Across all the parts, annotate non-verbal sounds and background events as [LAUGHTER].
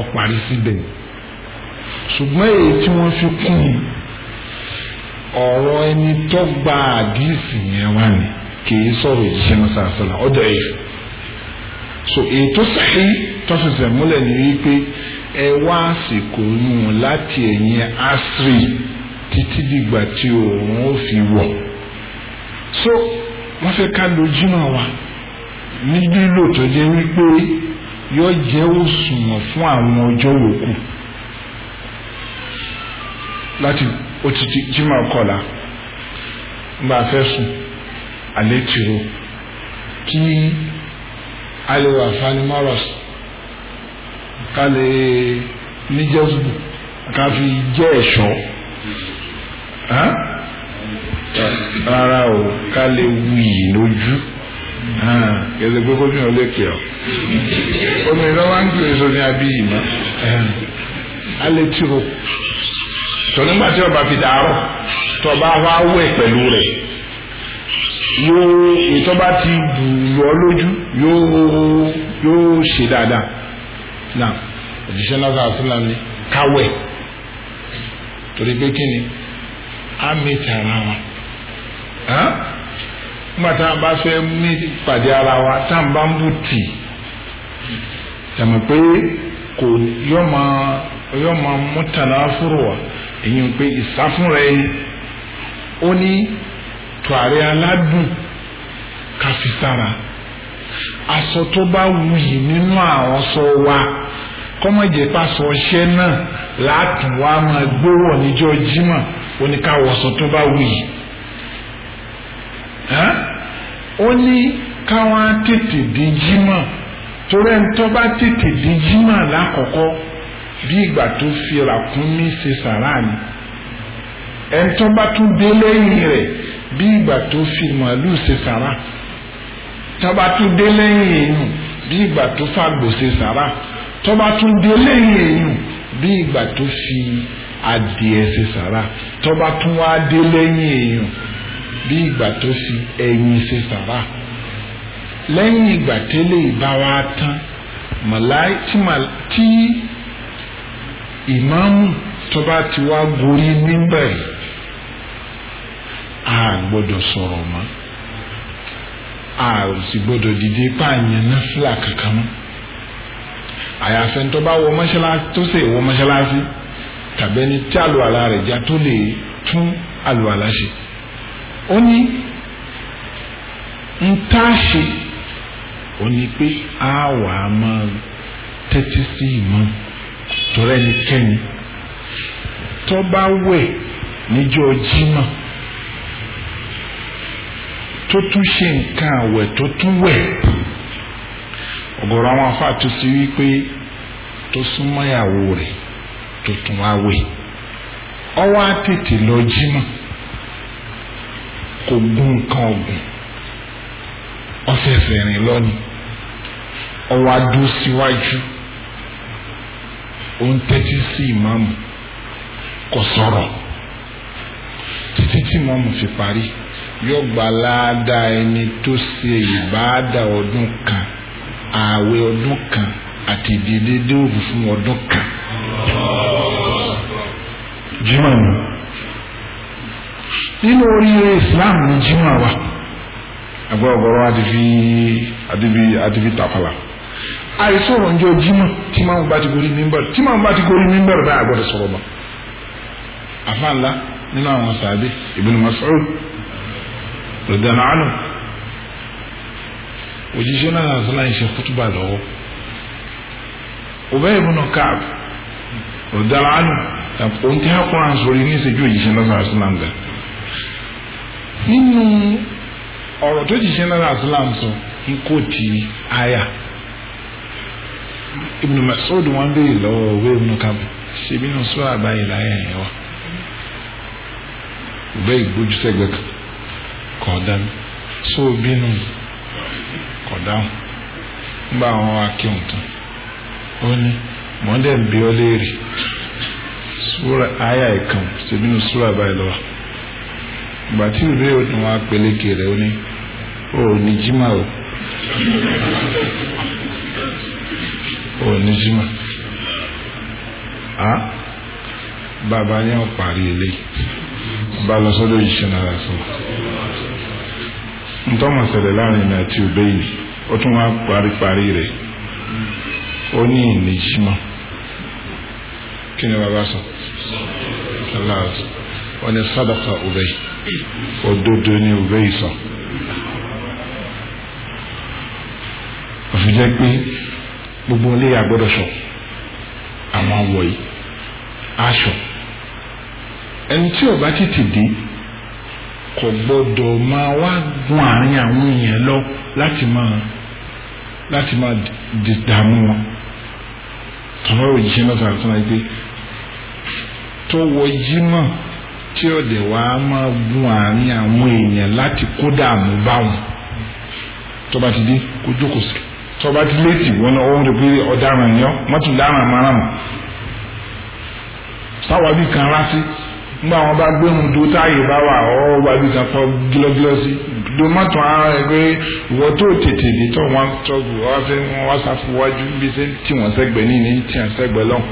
ọ̀parí síbẹ̀ ṣùgbọ́n èyí tí wọ́n fi kún ọ̀rọ̀ ẹni tó gba àdìsí yẹn wá ni kì í sọ̀rọ̀ ìṣiṣẹ́ náà sàásàlà ọ̀dọ̀ ẹ̀yìn so èyí tó sàáyé tó fẹsẹ̀ múlẹ̀ ní wípé ẹ wá àsìkò inú láti ẹ̀yìn asiri títí dìgbà tí òun ó fi wọ̀ so wọ́n fẹ́ ká lójúmọ̀ wa ní lílò tó jẹ́ wípé. yóò jẹ́ òṣùwọ̀n fún àwọn ọjọ́ yòókù láti otiti jimá kọlá gba fẹ́ alẹ́ tìró kí alẹ́wà ka le lè níjẹ́sùbù ká fi jẹ́ ẹ̀ṣọ́ rárá o ka le wuyì lójú. No Ah, kẹsẹ̀ pé kó tún yàn lékè ọ́ omi lọ́wọ́ ń gbé sọ ní abíyì mọ́ alẹ́ tí o tọ́ nígbà tí ọba fi dàárọ̀ tọ́ bá wá wẹ̀ pẹ̀lú rẹ̀ yóò ètò bá ti dùn ọ́ lójú yóò yóò ṣe dáadáa náà òjíṣẹ́ náà sọ̀rọ̀ sílẹ̀ ní káwẹ̀ torí pé kí ni á mẹ́tì ara wa nígbà tá a bá fẹ́ mí pàdé ara wa tá n bá ń bù tì yàmọ̀ pé kò yọ máa yọ máa mú tànà fúrò wa èyí ń pé ìsáfúnra ẹni ó ní tùwárí aládùn káfísára aṣọ tó bá wuyì nínú àwọn aṣọ wa kọ́mọ̀jẹ̀ pàṣọ ọṣẹ́ náà láàtún wa máa gbówó níjọ́ jímọ̀ oníkàwọ̀sọ tó bá wuyì. Huh? ó ní káwọn tètè di jímọ̀ torí ẹni tó bá tètè di jímọ̀ lákọ̀ọ́kọ́ bí ìgbà tó fi ràkúnmí ṣe sàrà ni ẹni tó bá tún dé lẹ́yìn rẹ̀ bí ìgbà tó fi màálù ṣe sàrà tó bá tún dé lẹ́yìn èèyàn bí ìgbà tó fàgbò ṣe sàrà tó bá tún dé lẹ́yìn èèyàn bí ìgbà tó fi adìẹ ṣe sàrà tó bá tún wá dé lẹ́yìn èèyàn bí ìgbà tó fi ẹyin ṣe sàrà lẹ́yìn ìgbà tẹ́lẹ̀ ìbáwá tán tí ìmáàmù tó bá ti wá gorí níbẹ̀ a gbọ́dọ̀ sọ̀rọ̀ mọ́ a sì gbọ́dọ̀ dìde pààyàn náà fúlà kankan mọ́ àyàfẹ́ tó bá wọ mọ́ṣáláṣí tó sì wọ mọ́ṣáláṣí tàbí tí àlùwàlá rẹ̀ já tó lè tún àlùwàlá ṣe. ó ni ń tá a ṣe a wà á máa si sí ìmọ̀ torí ẹnikẹ́ni tó bá wẹ̀ tún ṣe nǹkan àwẹ̀ tó tún wẹ̀ ọ̀gọ̀rọ̀ àwọn afá tó sì wípé tó súnmọ́ ìyàwó rẹ̀ tó tún wá wẹ̀ ọwọ́ á lọ kò gún nǹkan ọ̀gùn ọ̀fẹ́fẹ́ rìn lọ́nìí ọwọ́ adó síwájú ó ń tẹ́tí sí ìmáàmù kò sọ̀rọ̀ títí tí ìmáàmù fi parí yóò gbà láàdáa ẹni tó ṣe ìbáàdà ọdún kan ààwẹ̀ ọdún kan àti ìdílé dóòrù fún ọdún kan. jimá nínú oríire islam ní jimá wa ẹgbẹ́ ọ̀gọ́rọ̀ àdìfi àdìfi àdìfi tapala. àìsọ̀rọ̀ njọ jimá tí màá bá ti gorí mímbẹ̀rẹ̀ tí màá bá ti gorí mímbẹ̀rẹ̀ báyà gbọ́dọ̀ sọ̀rọ̀ bá àfàǹlá nínú àwọn sàbẹ̀ Ibn Mas'ud rẹ̀dẹ̀nà ánù òjíṣẹ́ náà náà sọ́lá ìṣe kútùbà lọ́wọ́ Ubay ibn Ka'b rẹ̀dẹ̀nà ánù òun tí a kọ́ àǹsọ̀rọ̀ ní ìṣẹ́jú òjíṣẹ́ náà sọ́lá ìṣe náà nínú ọ̀rọ̀ tó jíṣẹ́ náírà islam sọ ń kò tí aya Ibn Mas'ud wọn béèrè lọ́wọ́ òwe Ibn Kab ṣebí náà sọ àbáyé láyà yẹn wa òbẹ ìgbójú sẹgbẹ kan kọdá sọ bínú kọdá nígbà àwọn akéwọn tán ó ní mọ́ndẹ̀ ń bí ọ léèrè aya ìkan ṣebí náà sọ àbáyé lọ́wọ́. ìgbà tí ìlú yóò tún wá peléke rẹ̀ ó ní ó ní jimá o ó ní jimá a ah, bàbá yẹn ò parí ilé bá lọ sọ́dọ̀ ìṣẹ̀nara sọ ntọ́mọ̀ ṣẹlẹ̀ láàrin mi àti òbẹ́yìn ó tún wá parí parí rẹ̀ ó ní ìní jimá kí ni bàbá sọ ọ̀nà sádàkà òbẹ́yìn òdodo ni òwe ìsọ. òfin jẹ́ pé gbogbo ilé àgbọ́dọ̀ sọ àwọn àwọ̀ yìí aṣọ ẹni tí ó bá tètè dé kò gbọ́dọ̀ máa wá gun àárín àwọn èèyàn lọ láti máa láti máa dààmú wọn tọ́lá òjíṣẹ́ náà sàrẹ́sọ́nà yìí pé tọ́wọ́ jímọ̀ tí ọ̀dẹ̀ wa máa gun àárín àwọn èèyàn láti kó dààmú bá wọn tọba ti dé kó jókòó sí tọba ti létí wọn náà wọn rò pé ọ̀daràn yẹn mọ́tò dáràn márùn sáwọn bí kan rá sí nígbà wọn bá gbé ohun tó táàyè bá wà ọ́ wà bí kan pọ̀ gílọ́gílọ́ sí domatò ara rẹ pé ìwọ tó tètè dé tó wọn tọ́gù wọn fẹ́ wọn wá sáfù wájú bí tí wọ́n sẹ́gbẹ̀ẹ́ ní tí wọ́n sẹ́gbẹ̀ẹ́ lọ́hùn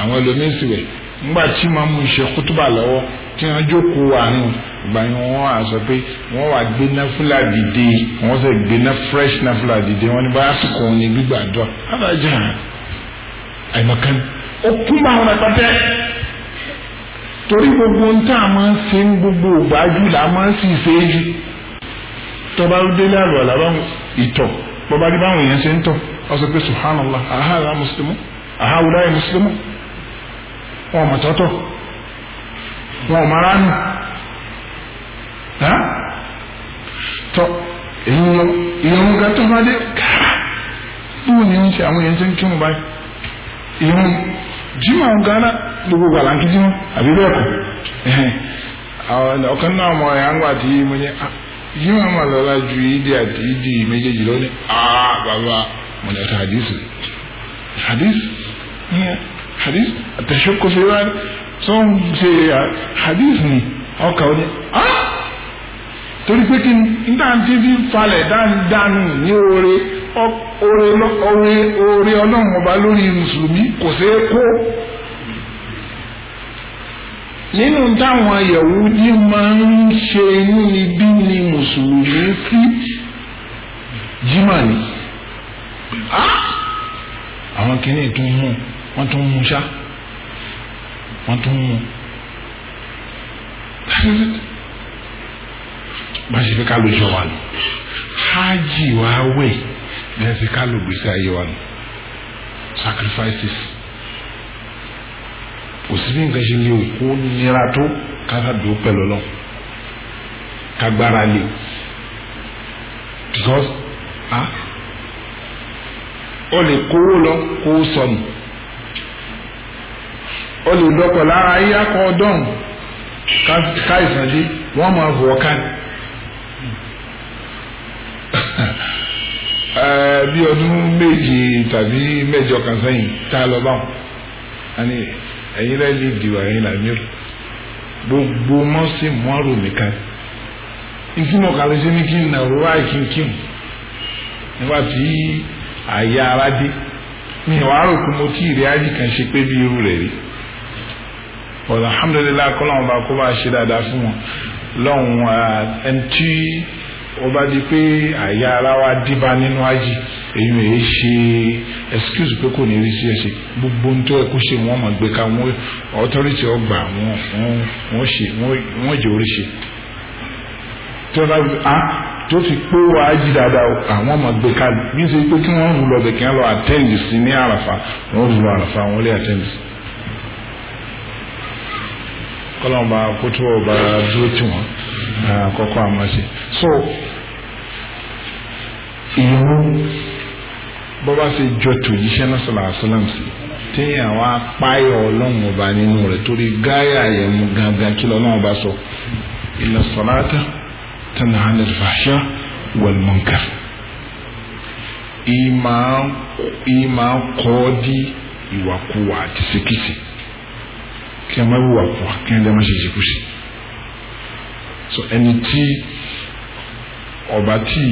àwọn ẹlòmíín sì wẹ̀ nígbà tí màmú ṣe kútúbà lọ́wọ́ tí wọ́n jókòó àánú ìgbà yẹn wọ́n á sọ pé wọ́n wà gbé náfúlà dìde wọ́n sì gbé ná fresh náfúlà dìde wọ́n ní bá àsìkò òun ní gbígbàdúrà alájà àìmọ̀kan ó kún bá wọn pátẹ́ torí gbogbo ń tà máa ń ṣe ń gbogbo ògbájú là máa ń sì ṣe é jù tọba délé àlọ́ àlàbáwọn ìtọ̀ bọ́ba dé báwọn èèyàn ṣe ń tọ̀ ọ sọ pé subhanallah àhàrà mùsùlùmù àhàwùláyà mùsùlùmù ọmọ tọ́tọ̀ wọn ò mara nù tọ èyí wọn ìyẹn ga tó bá dé káà bóun ni ń ṣe àwọn èèyàn ṣe ń kírun báyìí ìyẹn jimá ń gánà gbogbo wà láǹkì jimá àbí bẹ́ẹ̀ kọ́ ọ̀kan náà mọ ẹ̀yà ń gbà tí mo ní jimá mà lọ́la ju ìdí àti ìdí méjèèjì lónìí àá ah, bàbá mọ̀lẹ́ta hadith hadith yẹn. hadis tashakku fi wani sọ́n hadis ni ọkà ó ní ah torí pé kí n dá ti fi falẹ̀ dáadáa ní oore ọba lórí mùsùlùmí kò ṣeé kó nínú táwọn Yahudi máa ń ṣe inú ni mùsùlùmí sí jimani ah àwọn kìnìún tún wọ́n tún mú ṣá wọ́n tún mú bá ṣe fi kálù jọ wa nù hajj wa wẹ̀ bẹ́ẹ̀ fi kálù gbèsè ayé wa nù sacrifices kò sí bí nǹkan ṣe lè kó nira tó kára dùn pẹ̀lú lọ kagbára lè because ah ó lè kówó lọ kó sọnù ó lè dọ́kọ̀ lára ayákọ̀ ọdọ́run káìsàn dé wọ́n máa bọ̀ ọ́ká [LAUGHS] eh, bí ọdún méje tàbí mẹ́jọ kan sẹ́yìn tá a lọ bá wọn àní ẹ̀yin rẹ̀ lè dìbò ẹ̀yin làmírù gbogbo mọ́sí mọ́rù nìkan ìtumọ̀ kàlẹ́ sí ní kí n nà rúwá kí n kí n nígbà tí àyà ara dé mi ò wá rò pé mo tí ìrẹ́ ayé kan ṣe pé bí irú rẹ̀ rí bọ̀dọ̀ alhamdulilayi kọ́lọ́n bá kó bá ṣe dáadáa fún wọn lọ́hùn uh, ẹni tí ó bá di pé àyà ara wa dìbà nínú ayé èyí ẹ̀ ṣe excuse pé kò ní rí sí ẹ̀ṣẹ̀ gbogbo ohun tó ẹ kó ṣe wọ́n mọ̀ gbé ka wọ́n authority ọgbà wọ́n wọ́n ṣe wọ́n jẹ́ oríṣi tí wọ́n bá gbé ah tó fi pé ah, wọ́n á dáadáa àwọn ọmọ gbé ká bí ṣe pé kí wọ́n rú lọ bẹ̀ kí wọ́n lọ àtẹ́ǹdì sí ní àràfà wọ́n rú lọ àràfà wọ́n lé àtẹ́ǹdì sí kọ́lọ́n bá kó tó ọba dúró tì wọ́n àkọ́kọ́ àmọ́ so ìrún bọ́bá ṣe jọ tòjíṣẹ́ náà sọ̀rọ̀ àṣọlọ́m sí téèyàn wá páyọ̀ ọlọ́run ọba nínú rẹ̀ torí gáyà àyẹ̀mú gangan kí lọ́lọ́run ọba sọ illa salata tanha anil fahsha wal munkar ìmà ìmà kọ́ di ìwàkuwà àti ṣekíṣe kí ẹ má wíwà fún kí ẹ má ṣe ṣe so ẹni tí ọba tí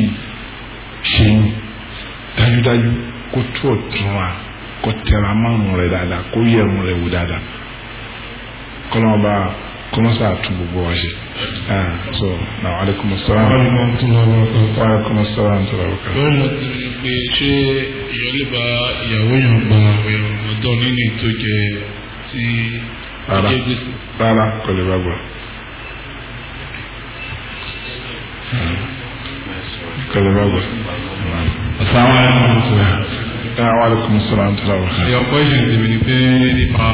ṣe ń dájúdájú kó tó ọ̀tún wa kó tẹra márùn rẹ dáadáa kó yẹrun rẹ wò dáadáa kọlọmọba kọmọsá tún gbogbo wa ṣe ah, so na aleykum salaam wa aleykum salaam wa rahmatulah. wọ́n mọ̀ pé ṣé ìyọ́lẹ̀ bá ìyàwó yàn gba ẹ̀rọ ọ̀dọ́ nínú ìtọ́jẹ tí rárá rárá kò lè bá gbọ́. kò lè bá gbọ́. asalaamualeykum salaam tala wa rahmatulah. your question ti mi ni pé nípa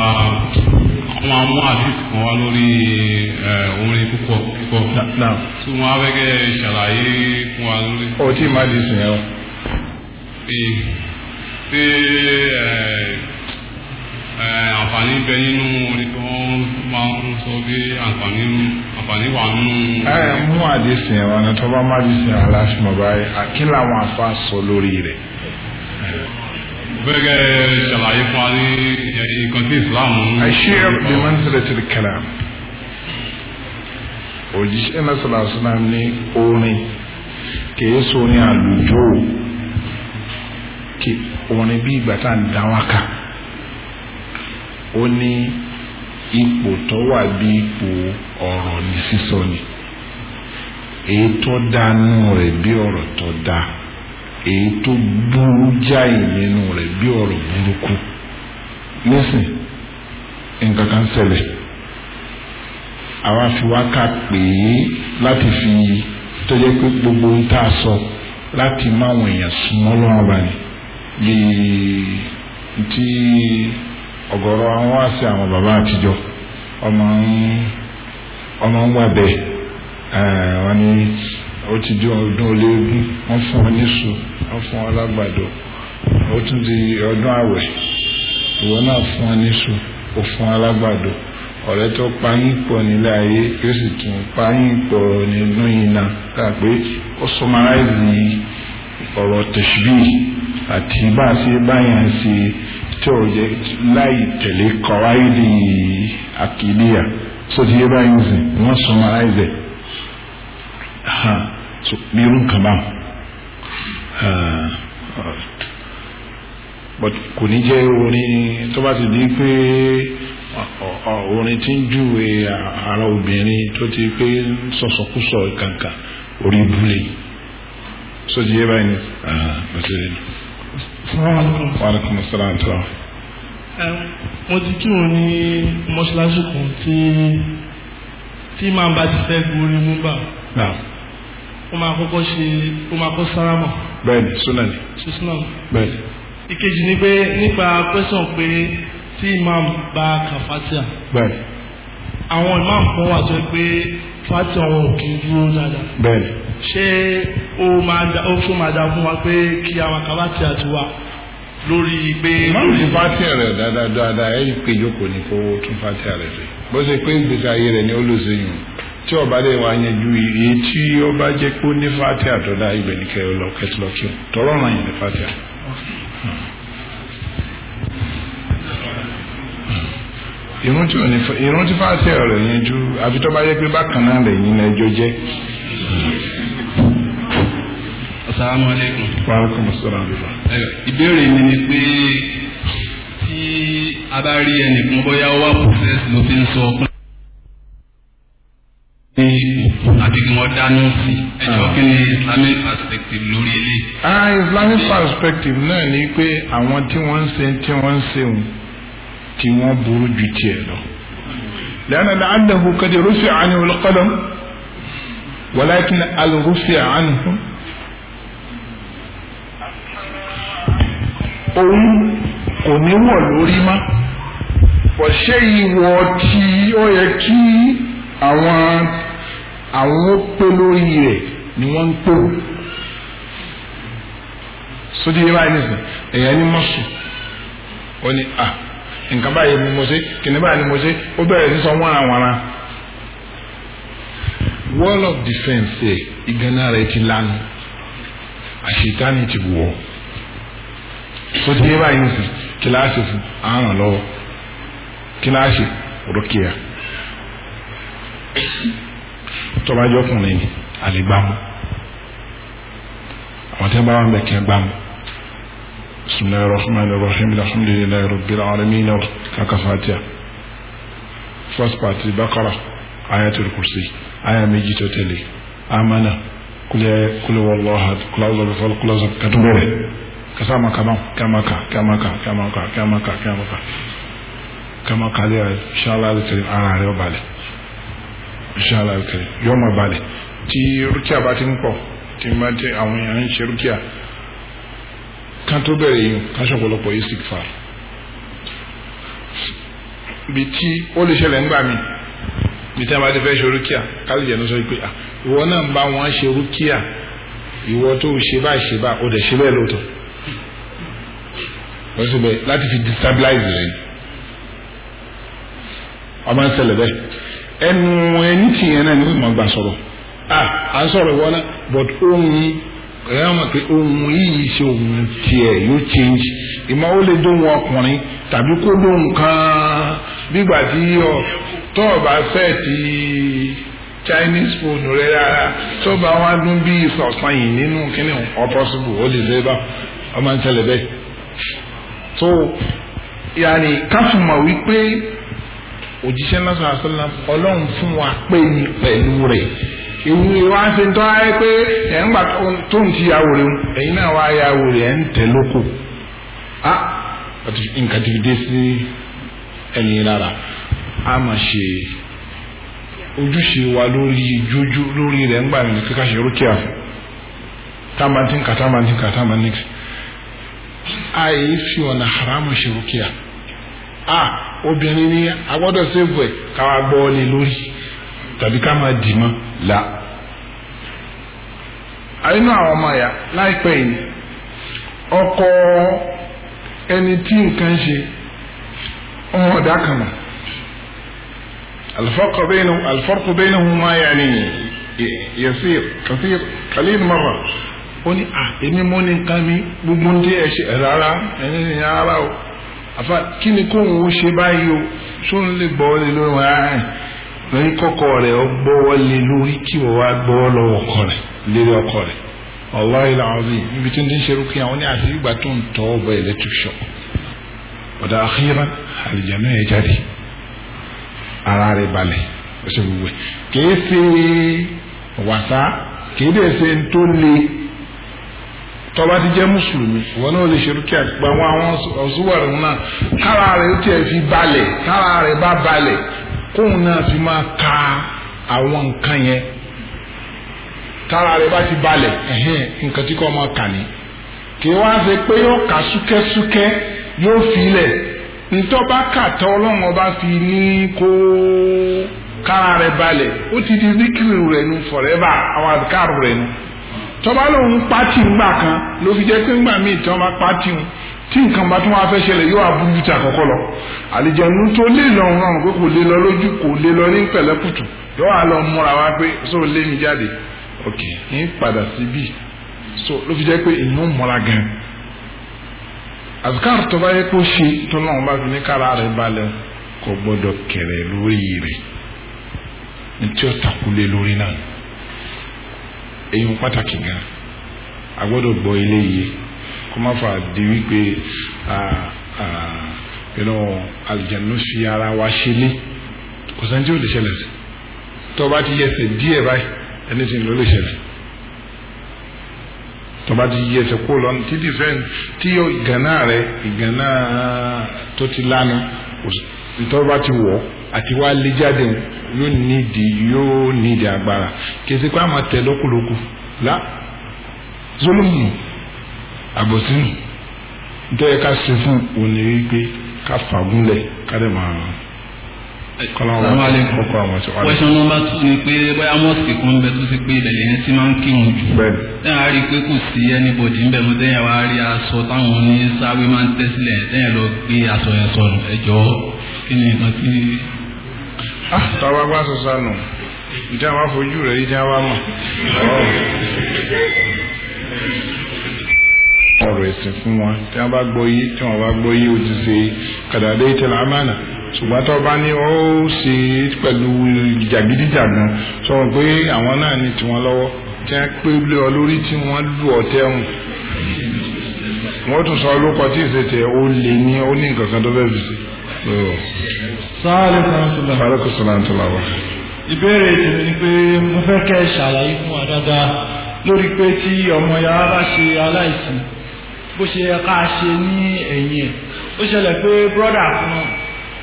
ọmọ amú àdìsí kan wá lórí eh, orin púpọ̀ púpọ̀. tí wọ́n á fẹ́ kẹ́ ṣàlàyé fún wa lórí. o tí ma di sìn yẹn o. Eh, pé pé eh, àǹfààní bẹ nínú orin tó máa ń sọ pé àǹfààní àǹfààní wà nínú. ẹ mú àdìsìn ẹ wọn tó bá má dìsìn aláṣùmọ̀ báyìí àkílà àwọn afa sọ lórí rẹ̀. bẹ́ẹ̀ ṣàlàyé fún wa ní nǹkan tí Islam ń. àṣé bí wọ́n ń sọ̀rọ̀ ti òjíṣẹ́ náà sọ̀rọ̀ àṣùnà ní orin kìí sọ ní àlùjọ́ kí orin bí ìgbà tá à ń dá wákà. ó ní ipò tó wà bí ipò ọ̀rọ̀ ní ni èyí tó dá nínú rẹ̀ bí ọ̀rọ̀ tó dá èyí tó burú jáì nínú rẹ̀ bí ọ̀rọ̀ burúkú lẹ́sìn nǹkan kan ṣẹlẹ̀ àwa fi wá ká pè fi tó jẹ́ pé gbogbo ń sọ láti máwọn èèyàn súnmọ́ lọ́wọ́ bá ọ̀gọ̀rọ̀ àwọn wá sí àwọn bàbá àtijọ́ ọmọ ń wà bẹ́ẹ̀ wọ́n ní ó ti di ọdún olóògùn wọ́n fún ọ níṣu wọ́n fún ọ lágbàdo ó tún di ọdún àwẹ̀ ìwọ náà fún ọ níṣu ó fún ọ lágbàdo ọ̀rẹ́ tó payín pọ̀ nílé ayé yóò sì tún payín pọ̀ nínú iná kàpé ó sọmaráìzì ọ̀rọ̀ tẹ̀síbí àti bá a ṣe báyà ń ṣe tí ò yẹ láì tẹ̀lé kọ̀wáìdì àkìlíyà so ti yé báyìí ń sìn wọ́n summarize ẹ̀ so bí irú nǹkan but kò ní jẹ́ orin tó bá ti di pé orin tí ń júwe ara obìnrin tó ti pé sọ̀sọ̀kúsọ̀ kankan orí ibùlé so ti yé báyìí ń wàlúkùn sàlám tó. mo ti kí wọn ní mọ́ṣáláṣí kan tí tí màá bá ti fẹ́ gorí mú bá ó máa kọ́kọ́ ṣe ó máa kọ́ sáramọ̀. bẹ́ẹ̀ni sunani. sunani. bẹ́ẹ̀ni. ìkejì ni pé nípa pẹ́sàn pé tí imam bá ka fatia. bẹ́ẹ̀ni. àwọn imam kan wà tó pé fatia wọn ò kí dúró dáadáa. bẹ́ẹ̀ni ṣé ó máa da ó tún máa da fún wa pé kí àwọn kan bá ti àtiwá lórí pé. máa fi fati rẹ dáadáa dáadáa ẹ pé jókòó ní kó tún fati rẹ rẹ bó ṣe pé ìgbésí ayé rẹ ni ó lò sí yìí tí ọba lè wá yanjú iye tí ó bá jẹ pé ó ní fati àtọ́dá ibẹ̀ ní kẹrẹ lọ kẹtù lọ kí o tọrọ ràn yín ní fati. irun tí rẹ yanjú àfi tó bá yẹ pé bákan náà lẹ́yìn náà ẹjọ́ jẹ́. Assalamu alaikum. Wa alaikum assalam. Ìbéèrè mi ni pé tí a bá rí ẹnìkan bóyá ó wà process ló fi ń sọ ọkùnrin àti kí wọ́n dáná sí ẹjọ́ kí ni islamic perspective lórí ilé. ah islamic perspective náà ni pé àwọn tí wọ́n ń ṣe tí wọ́n ń ṣe tí wọ́n burú ju tiẹ̀ lọ. lẹ́nu làálẹ̀ hù kàdé rúfin àánú lọ́kọ́dọ̀ wọ́n láti ní òun kò ní wọ̀ lórí mọ́ pọ̀ṣẹ́ ìwọ̀ tí ó yẹ kí àwọn àwọn ó pé lórí rẹ̀ ni wọ́n ń pè sódì yìí báyìí nìsín èèyàn ní mọ́sùn ó ní à nǹkan báyìí ni mo ṣe kìnnì báyìí ni mo ṣe ó bẹ̀rẹ̀ sí sọ wọ́nra wọ́nra wall of defence ẹ̀ ìgànnà rẹ̀ ti lanu àṣetánì ti wọ̀ ọ́ ó ti yé báyìí nìsín kíláàsì fún àrùn lọ́wọ́ kíláàsì rúkìá tọ́bajọ́kùnrin ni àlégbámú àwọn tí wọ́n bá wà ń bẹ̀ kí wọ́n gbámú. بسم الله الرحمن الرحيم الحمد لله رب العالمين كفاتحة first part Baqara ayatul kursi aya méjì tó tẹ̀lé amana kul ya kul wallahu kul a'udhu bi falaq kul a'udhu bi ka sa maka ban ka maka ka maka ka maka ka maka ka maka ka maka lé rẹ ṣáàlá alùkẹrẹ ah, ara rẹ balẹ̀ ṣáàlá alùkẹrẹ yọ ọmọ balẹ̀ tí rúkìá bá ti ń pọ̀ tí n bá ti àwọn èèyàn ń ṣe rúkìá kan tó bẹ̀rẹ̀ yìí kan ṣọ̀pọ̀lọpọ̀ yìí sì fà á bí tí ó lè ṣẹlẹ̀ ńgbà mí bí tí a bá ti fẹ́ ṣe rúkìá káàdì jẹ́ ló sọ pé ah, ìwọ náà ń bá wọn ṣe rúkìá ìwọ tó ṣe báyìí ṣe báyìí ó dẹ̀ ṣe bẹ́ẹ̀ wọ́n sì bẹ́ẹ̀ láti fi destabilize rẹ̀ ọmọ ń ṣẹlẹ̀ bẹ́ẹ̀ ẹnu ẹni tì yẹn náà ni wọ́n máa gbà sọ̀rọ̀ ah à ń sọ̀rọ̀ wọn náà but ohun ẹ̀yà wọn pé ohun yìí ṣe ohun tiẹ̀ yóò change ìmọ̀ ó lè dóhun ọkùnrin tàbí kó dóhun kan bígbà tí ọ tó o bá fẹ́ ti Chinese food rẹ rárá tó o bá wá dún bí ìsọ̀sán yìí nínú kíni ọ̀ possible ó lè dé bá ọmọ ń ṣẹlẹ̀ bẹ́ẹ̀. so yàrá káfùmọ̀ wípé òjíṣẹ́ náà sọ̀rọ̀ sọ́lá ọlọ́run fún wa pé ni pẹ̀lú rẹ̀ ìwúni wá ṣe ń tọ́ ayé pé ẹ̀ ń gbà tó ń ti yàwó rẹ̀ ẹ̀yin náà wá yàwó rẹ̀ ẹ̀ ń tẹ̀ lóko a nǹkan ti fi dé sí ẹni lára a máa ṣe ojúṣe wa lórí jójú lórí rẹ̀ ń gbà mí kíkà ṣe rókè àfọ̀ àyè fi ọ̀nà haramu ṣe rúkìá a obìnrin ni agbọ́dọ̀ sèvù ẹ̀ káwa gbọ́ ọ lé lórí tàbí ká máa dì mọ́ la. àyínú ah, àwọn ọmọ àyà láìpẹ́ yìí ọkọ ẹni tí nǹkan ṣe ọmọ ọ̀dà kan mọ̀ alfarqu baynahum alfarqu baynahuma yani yasir kathir qalil marra ó ní à èmi mú ní nǹkan mi gbogbo ní ẹ ṣe rárá ẹni ní rárá o àfa kí ni kóun ó ṣe báyìí o tó ń lè gbọ́ lé lórí wọn rárá lórí kọ́kọ́ rẹ̀ ó gbọ́wọ́ lé lórí kí wọ́n wá gbọ́wọ́ lọ́wọ́ ọkọ rẹ̀ lérí ọkọ rẹ̀ ọlọ́rin làwọn bíi ibi tí ń dín ṣerú kí àwọn ní àti ìgbà tó ń tọ́ ọbẹ̀ electric shock ọ̀dà àkíyàn àlìjáná ẹ̀ jáde ara rẹ̀ balẹ̀ ọ̀sẹ̀ gbogbo kìí ṣe wàsá kìí dẹ̀ ṣe tó le tó bá ti jẹ́ mùsùlùmí wọn náà lè ṣe rúkìá gbàwọn àwọn ọ̀ṣunwọ̀rẹ̀ náà kára rẹ̀ ó tiẹ̀ fi balẹ̀ kára rẹ̀ bá balẹ̀ kóun náà fi máa ka àwọn nǹkan yẹn kára rẹ̀ bá ti balẹ̀ ẹ̀hìn nǹkan tí kò máa kà ní. kì í wá ṣe pé yóò kà súkẹ́súkẹ́ yóò fi lẹ̀ ntọ́ba kàtọ́ ọlọ́run ọba fi ní kó kára rẹ̀ balẹ̀ ó ti di zikiri rẹ̀ nu forever àwọn àdìkárù rẹ̀ nu tọ́ba lòun pátì ńgbà kan ló fi jẹ́ pé ńgbà míì tí wọ́n bá pátì ń tí nǹkan bá tún wá fẹ́ ṣẹlẹ̀ yóò aburú ti àkọ́kọ́ lọ àlìjẹ̀nu tó lè lọ ràn pé kò lè lọ lójú kò lè lọ ní pẹ̀lẹ́kùtù yóò wá múra wá pé so lé mi jáde ok ní padà síbí so ló fi jẹ́ pé èèyàn múra gan azkar tó bá yẹ kó ṣe tó náà bá fi ní kára rẹ̀ balẹ̀ kò gbọ́dọ̀ kẹ̀rẹ̀ lórí rẹ̀ ní tí ó takulé lórí náà èyí pàtàkì gan a gbọ́dọ̀ gbọ́ eléyìí kó má fà di wípé àlùjànnú fi ara wa ṣe lé kò sẹ́ni tí ó lè ṣẹlẹ̀ sí tó bá ti yẹsẹ̀ díẹ̀ báyìí ẹni tí ló lè ṣẹlẹ̀ tó bá ti yẹsẹ̀ kó lọ títí fẹ́ tí ìgànnà rẹ ìgànnà tó ti lánàá tó ti wọ̀ àti wá lé jáde yóò nídìí yóò nídìí agbára kì í ṣe pé àwọn tẹ lókùlókù lá zolomu àbòsí nítorí ká ṣe fún òní wípé ká fagúnlẹ̀ ká dẹ̀ máa question number two ni pé bóyá mosque kan bẹ tó ṣe pé ilẹ̀ yẹn ti máa ń kírun jù tẹ́yìn á rí i pé kò sí anybody ńbẹ̀ mo tẹ́yìn wá rí aṣọ táwọn oníṣáwé máa ń tẹ́sílẹ̀ tẹ́yìn lọ gbé aṣọ yẹn sọnù ẹ̀jọ́ kí ni nǹkan tí tọ́wọ́ gbá sọ sánù ìjà wa fojú rẹ̀ ìjà wa mọ̀ ọ̀rọ̀ ẹ̀sìn fún wọn tí wọ́n bá gbọ́ yí tí wọ́n bá gbọ́ yí ó ti ṣe kàdàdé ìtẹ̀lẹ̀ amánà ṣùgbọ́n tó bá ní ó ṣe pẹ̀lú jàgídíjàgan sọ pé àwọn náà ní tiwọn lọ́wọ́ tí wọ́n pé lé ọ lórí tí wọ́n lù ọ tẹ́wọ̀n wọ́n tún sọ lóko tí ìṣètẹ̀ ó lè ní ó ní nǹkan kan tó fẹ́ fi ṣe ìbéèrè tèmi ni pé mo fẹ́ kẹ́ ṣàlàyé fún wa dáadáa lórí pé tí ọmọ ya bá ṣe aláìsí bó ṣe yẹ ká ṣe ní ẹ̀yìn ẹ̀ ó ṣẹlẹ̀ pé brọ́dà kan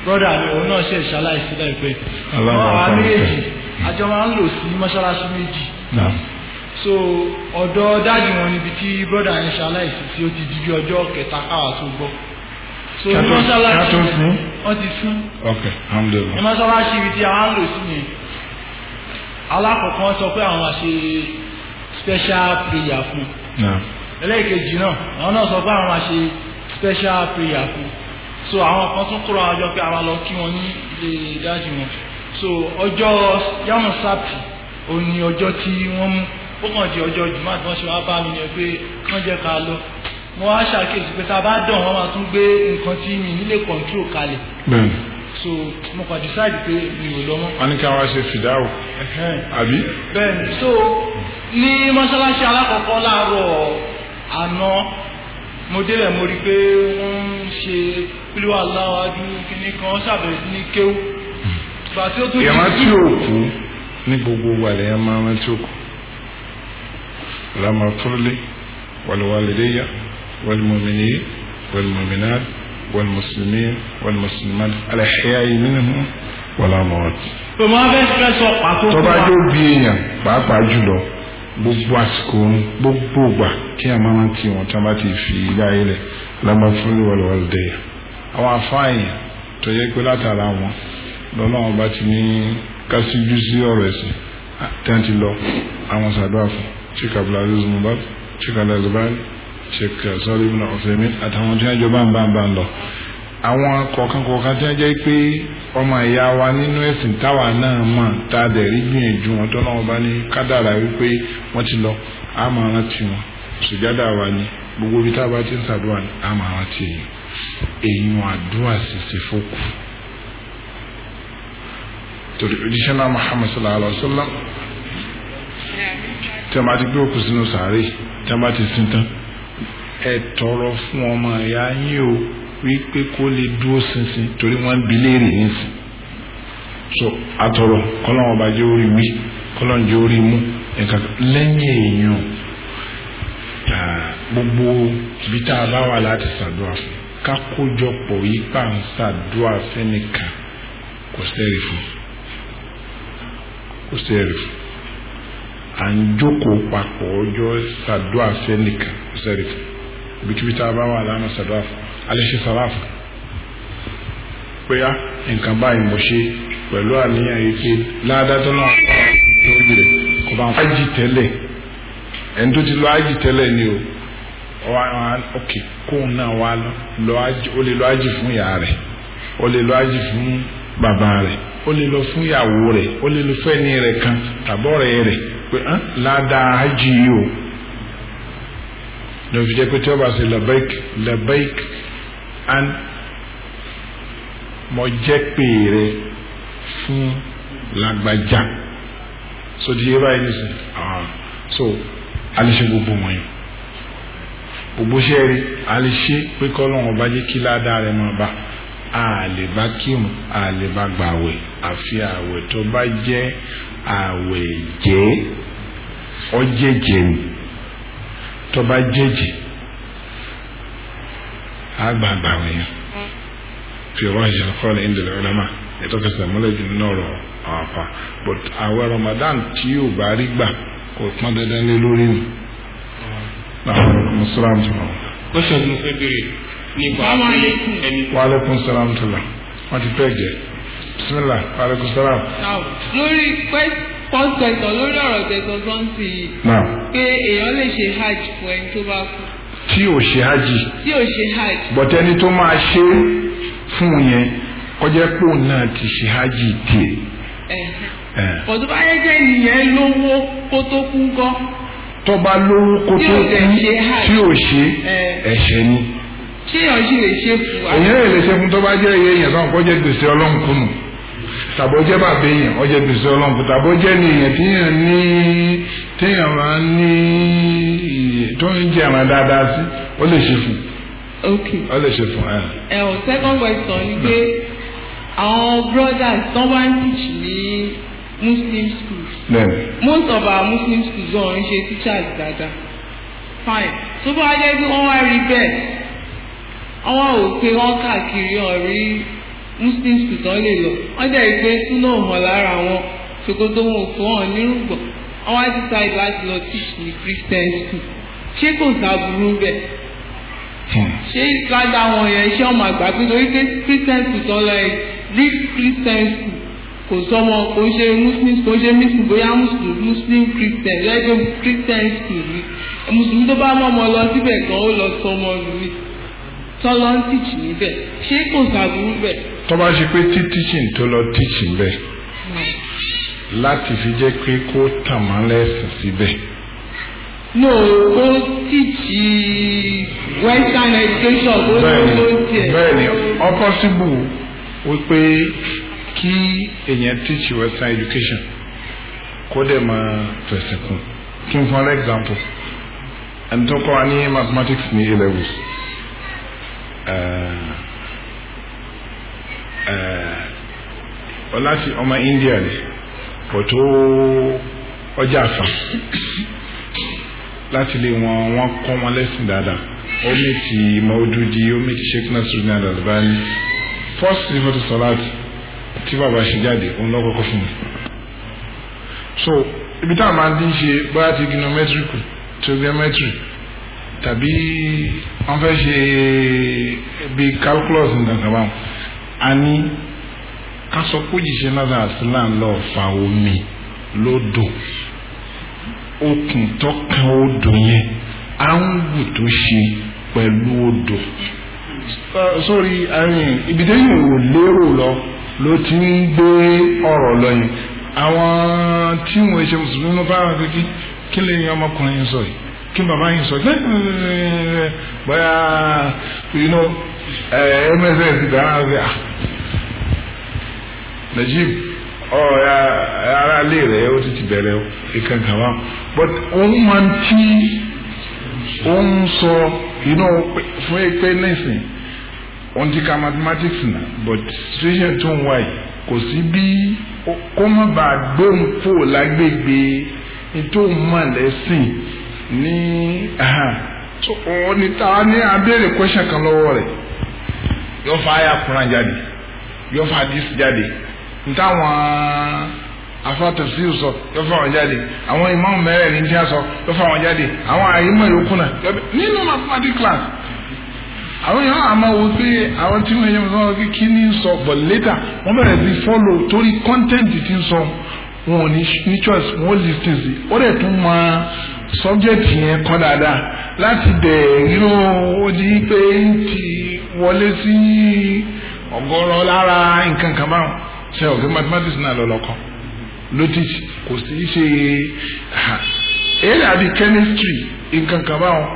brọ́dà mi òun náà ṣe ṣaláìsí láìpẹ́ àwọn méjèèjì àjọ máa ń lò sí mọ́ṣáláṣí méjì so ọ̀dọ̀ dájú wọn níbi tí brọ́dà yẹn ṣaláìsí tí ó ti di bí ọjọ́ kẹta káwà tó gbọ́ so ní mọ́ṣáláṣí kátó fún wọ́n ti fún. ok alhamdulilayi. ní mọ́ṣáláṣí ibi tí àwọn lò sí yẹn alákọ̀ọ́kọ́ sọ pé àwọn máa ṣe special prayer fún. ẹlẹ́ẹ̀kejì náà àwọn náà sọ pé àwọn máa ṣe special prayer fún. so àwọn kan tún kúrò àwọn ọjọ́ pé àwọn lọ kí wọn ní ilé ìdájì wọn. so ọjọ́ yàmù sápì òun ni ọjọ́ tí wọ́n mú ó kàn di ọjọ́ jùmọ̀ àti wọ́n ṣe wá bá mi yẹn pé kán jẹ́ ká lọ mo wá ṣàkíyèsí pé tá a bá dàn wọn máa tún gbé nǹkan tí mi nílé control kalẹ̀ so mo kàn decide pé mi ò lọ mọ́. a ní kí wọ́n ṣe fìdáwò. àbí. bẹ́ẹ̀ni so ní mọ́ṣáláṣí alákọ̀ọ́kọ́ láàárọ̀ àná mo débẹ̀ mo rí i pé wọ́n ń ṣe pílú aláwájú kíní kan ṣàbẹ̀wò sí ní kéwù. ìgbà tí ó tún. ìrántí òkú ní gbogbo wa lèèyàn máa rántí òkú. làmàtúrúlé wàlúwàlúdéyà. والمؤمنين والمؤمنات والمسلمين والمسلمات الأحياء منهم والأموات. tó bá jó bí èèyàn pàápàá jùlọ gbogbo àsìkò oorun gbogbo ìgbà kí a máa rántí wọn tí a bá ti fi ilé ayé lẹ lọmọ fún ìwọlọwọlọdẹ yẹn àwọn afáàyàn tó yẹ pé látara wọn lọ́nà ọba ti ní kásíjú sí ọ̀rọ̀ ẹ̀sìn tẹ́ǹtì lọ àwọn sàdọ́ àfọ̀ chikabla mubal chikabla zubali sheikh sọ́ọ́lì ibùnà ọ̀sẹ̀mí àtàwọn tí wọ́n jọ bá ń bá ń bá ń lọ. àwọn kọ̀ọ̀kan kọ̀ọ̀kan tí wọ́n jẹ́ pé ọmọ ìyá wa nínú ẹ̀sìn táwa náà mọ̀ tá a dẹ̀ rí gbìyànjú wọn tó náà bá ní kádàrà wípé wọ́n ti lọ á máa rántí wọn sùjádà wa ni gbogbo ibi tá a bá ti ń sàdúrà ni á máa rántí èyí èyí wọn àdúrà sì ṣe fókù torí òjíṣẹ́ náà Muhammad sallallahu alaihi wa sallam tí a bá ti gbé òkú sínú sàárè tí a ti sin tán ẹ tọrọ fún ọmọ ìyá yín o wípé kó lè dúró ṣinṣin torí wọ́n ń bi nísìn so àtọrọ kọlọ́n ọba jẹ́ orí wí kọlọ́n jẹ́ orí mú nǹkan lẹ́yìn èèyàn gbogbo ibi tá a bá wà láti ṣàdúrà fún ká kójọpọ̀ yípa ń ṣàdúrà fẹ́nìkan kò sẹ́rì fún kò sẹ́rì fún à ń jókòó papọ̀ ọjọ́ ṣàdúrà fẹ́nìkan kò sẹ́rì fún. ibikíbi tá a bá wà lánàá sàdáfù nǹkan báyìí mo ṣe pẹ̀lú àníyàn yìí pé ládàtọ́ náà tó jìrè kò bá ń fa ájì tẹ́lẹ̀ ẹni tó ti lọ tẹ́lẹ̀ ni o ok kóun náà wà lọ ájì lè lọ ájì fún ìyá rẹ̀ ó lè lọ ájì fún bàbá rẹ̀ ó lè lọ fún ìyàwó rẹ̀ ó lè lọ fún ẹni rẹ̀ kan tàbọ̀ rẹ̀ rẹ̀ pé ládàá yìí o. ló eh ah, fi jẹ́ ah, pé tí ó bá ṣe labaik labaik ah, an mo jẹ́ pèrè fún làgbàjá so di yé báyìí nísìn so alẹ́ṣẹ́ gbogbo wọ̀nyí gbogbo ṣe rí alẹ́ṣẹ́ pé kọ́lọ́hún ọba jẹ́ kí ládàá rẹ̀ máa bá a lè bá kírun a lè bá gbàwẹ̀ àfi àwẹ̀ tó bá jẹ́ àwẹ̀ jẹ́ ọjẹ́jẹ́ ni tó bá jẹ́jì àgbààgbà wọ̀nyí fi rọ́ọ̀ṣì kọ́lẹ̀ ìndìlẹ̀ ọ̀lẹ́mà ètò fẹsẹ̀ múlẹ̀ jù nínú ọ̀rọ̀ àwọn afa but àwẹ̀ Ramadan tí yóò bá rí gbà kò pọn dandan lé lórí mi. Mùsùlùmí tó wọn. Bọ́sẹ̀ ni mo fẹ́ béèrè nípa ẹni. Wàhálẹ́kùn sàlámù tó la. Wọ́n ti fẹ́ jẹ. Bismillah, wàhálẹ́kùn sàlámù. Lórí pẹ́ẹ́sì first question lórí ọ̀rọ̀ tẹ̀sán sọ́ǹtì yìí pé èèyàn lè ṣe hajj fún ẹni tó bá kú. tí ò ṣe hajj. tí ò ṣe hajj. bọ̀tẹ́ni tó máa ṣe fún yẹn kọjá pé òun náà ti ṣe hajj tiẹ̀. ọ̀dọ́ bá yẹ kẹ́ nìyẹn lówó kó tó kú gan. tó bá lówó kó tó kú tí ò ṣe ẹ̀ṣẹ̀ ni. ṣé èèyàn sì lè ṣe fún wa. èèyàn lè ṣe fún tó bá jẹ́ èèyàn tó ń kọjá gbèsè ọlọ́run kùnú tàbọ́jẹ́ bàbá èèyàn ọjẹ́ gbèsè ọlọ́run fún tàbọ́jẹ́ ni èèyàn téèyàn ní téèyàn máa ń ní tó ń jẹ àrà dáadáa sí ó lè ṣe fún. ok ó lè ṣe fún ẹ. ẹ second question ni pé àwọn brothers tó bá ń teach ní muslim schools. most of our muslim schools wọn ń ṣe teachers dáadáa fine tó bá jẹ́ pé wọ́n wá rí bẹ́ẹ̀ wọ́n wá pé wọ́n káàkiri ọ̀rí muslims kìtàn lè lọ wọ́n dẹ̀ pé súnà mọ̀ lára wọn ṣòkòtò wọn kò hàn nírúgbọ̀n wọ́n wá decide láti lọ teach ní christian school ṣé kò sábúrú bẹ́ẹ̀ hmm. ṣé ládàá wọn yẹn ṣé ọmọ àgbà pé torí pé christian school tán lọ yẹn leave christian school kò sọmọ kò ṣe muslim kò ṣe muslim bóyá muslim muslim christian lẹ́gbẹ́ christian school ni Muslim, tó bá mọ̀ ọmọ lọ síbẹ̀ gan ó lọ sọmọ lùmí tán ń teach níbẹ̀ ṣé kò sábúrú bẹ́ẹ̀ tó bá ṣe pé tí teaching tó lọ teaching bẹ́ẹ̀ láti fi jẹ́ pé kó tàn mọ́ lẹ́sìn síbẹ̀. no ó tíìtì western education ó ló ń tiẹ̀. bẹ́ẹ̀ni ó possible wípé kí èèyàn tíìtì western education kó dẹ̀ máa fẹ̀sìn kún kí n fún ọ lẹ́gbàmpù ẹni tó kọ́ wa ní mathematics ní A levels. Uh, Eh, ọláti ọmọ India ni pọ̀ tó ọjà fún láti lè wọn wọn kọ́ wọn lẹ́sìn dáadáa omi ti Maududi omi ti Sheikh Nasruddin Al-Albani first sifatu salat tí bàbá ṣe jáde òun lọ kọ́kọ́ fún mi so ibi táwọn máa ti ń ṣe bóyá ti ginometric trigonometry tàbí wọn fẹ́ ṣe bíi calculus nǹkan kan báwọn àní kásọpójìṣẹ́ náà àṣìláàn lọ fa omi lódò okùn tọkàn odò yẹn áńgù tó ṣe pẹ̀lú odò sórí àyìn ibi tẹ́yìn ò lérò lọ ló ti ń gbé ọ̀rọ̀ lọ yẹn àwọn tí wọ́n ṣe mùsùlùmí ló bá wà kékeré kí lè yan ọmọkùnrin yẹn sọ yìí kí bàbá yìí sọ bóyá you know mss dáná Najib ọ ya ara ilé rẹ̀ ó ti ti bẹ̀rẹ̀ ìkankan wa but òun máa ń tí òun sọ iná fún ẹgbẹ́ nísìn òun ti ka mathematics na but situation tó ń wáyé kò sí bí kó má bàa gbóhùn fò lágbègbè ètò mọ̀lẹ́sìn ní òun ni táwa ní abéèrè question kan lọ́wọ́ rẹ̀ yóò fa ayakùnrin jáde yóò fa dis jáde ntáwọn afatafsir sọ yóò fọ àwọn jáde àwọn imam mẹ́rẹ̀ẹ̀rin tí a sọ yóò fọ àwọn jáde àwọn àyímọ̀ yòókù náà nínú mathematics class àwọn yẹn àmọ́ wo pé àwọn tí wọ́n yẹ wọn sọ kí ni ń sọ but later wọ́n bẹ̀rẹ̀ sí follow torí content ti ń sọ wọn ò ní choice wọn ò listen sí ó dẹ̀ tún máa subject yẹn kọ́ dáadáa láti bẹ̀ rírò ó di pé ń ti wọlé sí ọgọ́rọ̀ lára nǹkan kan báwọn ṣe o kí mathematics náà lọ lọkọ ló ti kò sí ṣe eré àbí chemistry nǹkan kan báwọn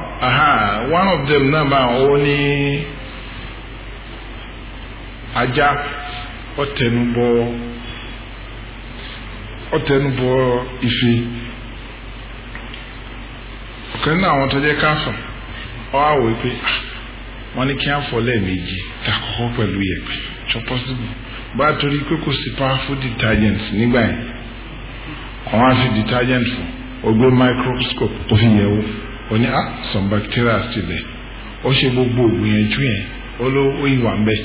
one of them náà báwọn ó ní ajá ọ̀tẹnubọ ọ̀tẹnubọ ife ọ̀kan náà àwọn tó jẹ́ káfọ̀n ọ àwọ̀ pé ah, wọ́n ní kí á fọ́ lẹ́ẹ̀mejì takọ́kọ́ pẹ̀lú yẹ̀pẹ̀ ṣọ́ possible bá torí pé kò sí powerful detergent nígbà yẹn àwọn á fi detergent fún ó gbé microscope ó fi yẹ̀ ó ní ah some bacteria still there ó ṣe gbogbo ògbìyànjú yẹn ó ló ó ìwà ń bẹ